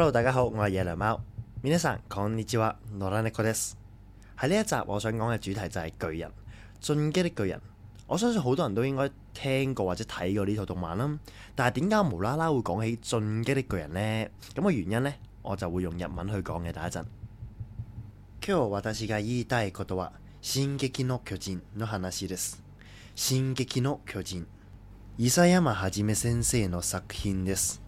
Hello，大家好，我係野良貓，皆さん、こんにちは、野良貓です。喺呢一集，我想講嘅主題就係巨人，進擊的巨人。我相信好多人都應該聽過或者睇過呢套動漫啦。但係點解無啦啦會講起進擊的巨人呢？咁嘅原因呢，我就會用日文去講嘅。等一陣。今日、私が言いたいことは進撃の巨人の話です。進撃の巨人、諌山創先生の作品です。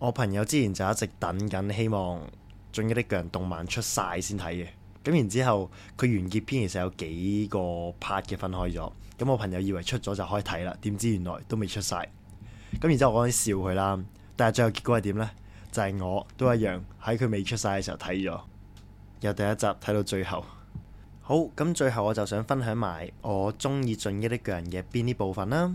我朋友之前就一直等緊，希望《進擊的巨人》動漫出晒先睇嘅。咁然之後，佢完結篇其實有幾個 part 嘅分，分開咗。咁我朋友以為出咗就可以睇啦，點知原來都未出晒。咁然之後我啱啲笑佢啦，但係最後結果係點呢？就係、是、我都一樣喺佢未出晒嘅時候睇咗，由第一集睇到最後。好，咁最後我就想分享埋我中意《進擊的巨人》嘅邊啲部分啦。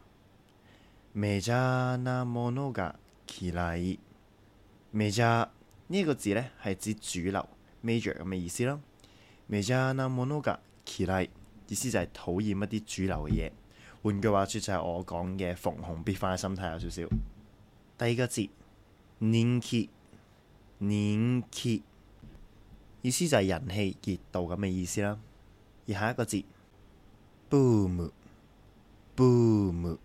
メジャーなものが嫌い major 呢一個字咧，係指主流 major 咁嘅意思咯。メジャーなものが嫌い，意思就係討厭一啲主流嘅嘢。換句話說就係我講嘅逢紅必反嘅心態有少少。第二個字人気，人気意思就係人氣、熱度咁嘅意思啦。而下一個字 boom boom。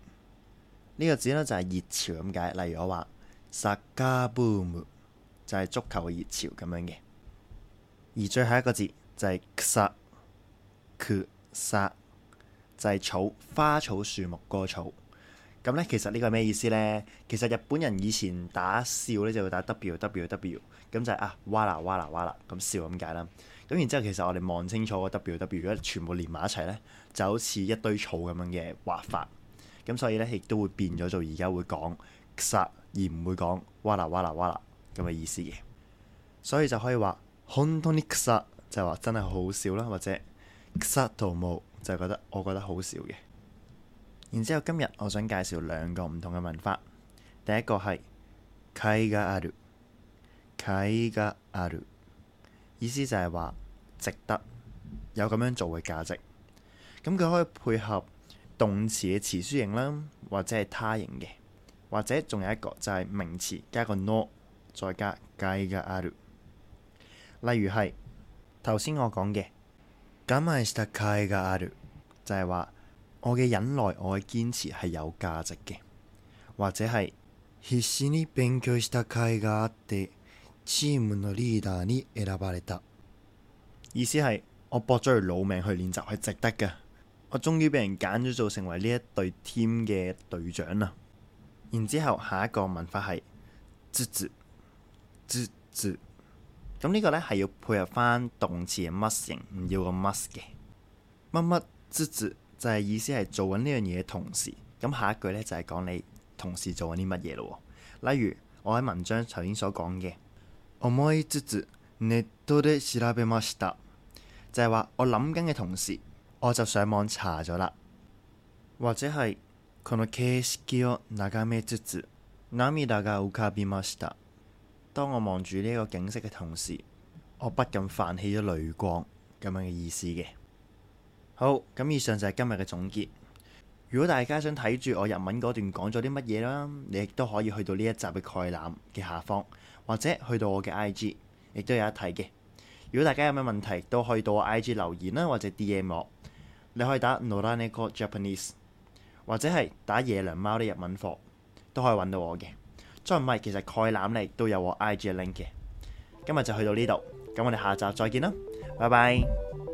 呢個字呢，就係熱潮咁解，例如我話サッカーブーム，就係、是、足球嘅熱潮咁樣嘅。而最後一個字就係、是就是、草，草就係草花草、樹木、嘅草。咁呢其實呢個係咩意思呢？其實日本人以前打笑呢、啊，就會打 w w w，咁就係啊哇啦哇啦哇啦咁笑咁解啦。咁然之後其實我哋望清楚個 w w 如果全部連埋一齊呢，就好似一堆草咁樣嘅畫法。咁、嗯、所以咧亦都會變咗做而家會講 kusa 而唔會講哇啦哇啦哇啦咁嘅意思嘅。所以就可以話 hontoni kusa 就係、是、話真係好笑啦，或者 kusa tomo 就係、是、覺得我覺得好笑嘅。然之後今日我想介紹兩個唔同嘅文法。第一個係 kai ga aru，kai ga aru 意思就係話值得有咁樣做嘅價值。咁、嗯、佢可以配合動詞嘅辭書形啦，或者係た形嘅，或者仲有一個就係、是、名詞加個 no，再加甲斐がある。例如係頭先我講嘅，我慢した甲斐がある就係、是、話我嘅忍耐，我嘅堅持係有價值嘅。或者係必死に，勉強した甲斐があって，チームのリーダーに，選ばれた，意思係我搏咗條老命去練習係值得嘅。我終於俾人揀咗做成為呢一隊 team 嘅隊長啦。然之後下一個文法係，つつ、つつ。咁呢、這個呢係要配合翻動詞ます形，唔要個ます嘅。乜乜つつ就係、是、意思係做緊呢樣嘢嘅同時。咁下一句呢就係、是、講你同時做緊啲乜嘢咯。例如我喺文章頭先所講嘅，思いつつネットで調べました，就係、是、話我諗緊嘅同時。我就上網查咗啦。或者係，當我望住呢個景色嘅同時，我不禁泛起咗淚光咁樣嘅意思嘅。好，咁，以上就係今日嘅總結。如果大家想睇住我日文嗰段講咗啲乜嘢啦，你亦都可以去到呢一集嘅概覽嘅下方，或者去到我嘅 IG，亦都有得睇嘅。如果大家有咩問題，都可以到我 IG 留言啦，或者 DM 我。你可以打 Noreneko Japanese，或者係打野良貓的日文課，都可以揾到我嘅。再唔係，其實概覽嚟都有我 IG 嘅 link 嘅。今日就去到呢度，咁我哋下集再見啦，拜拜。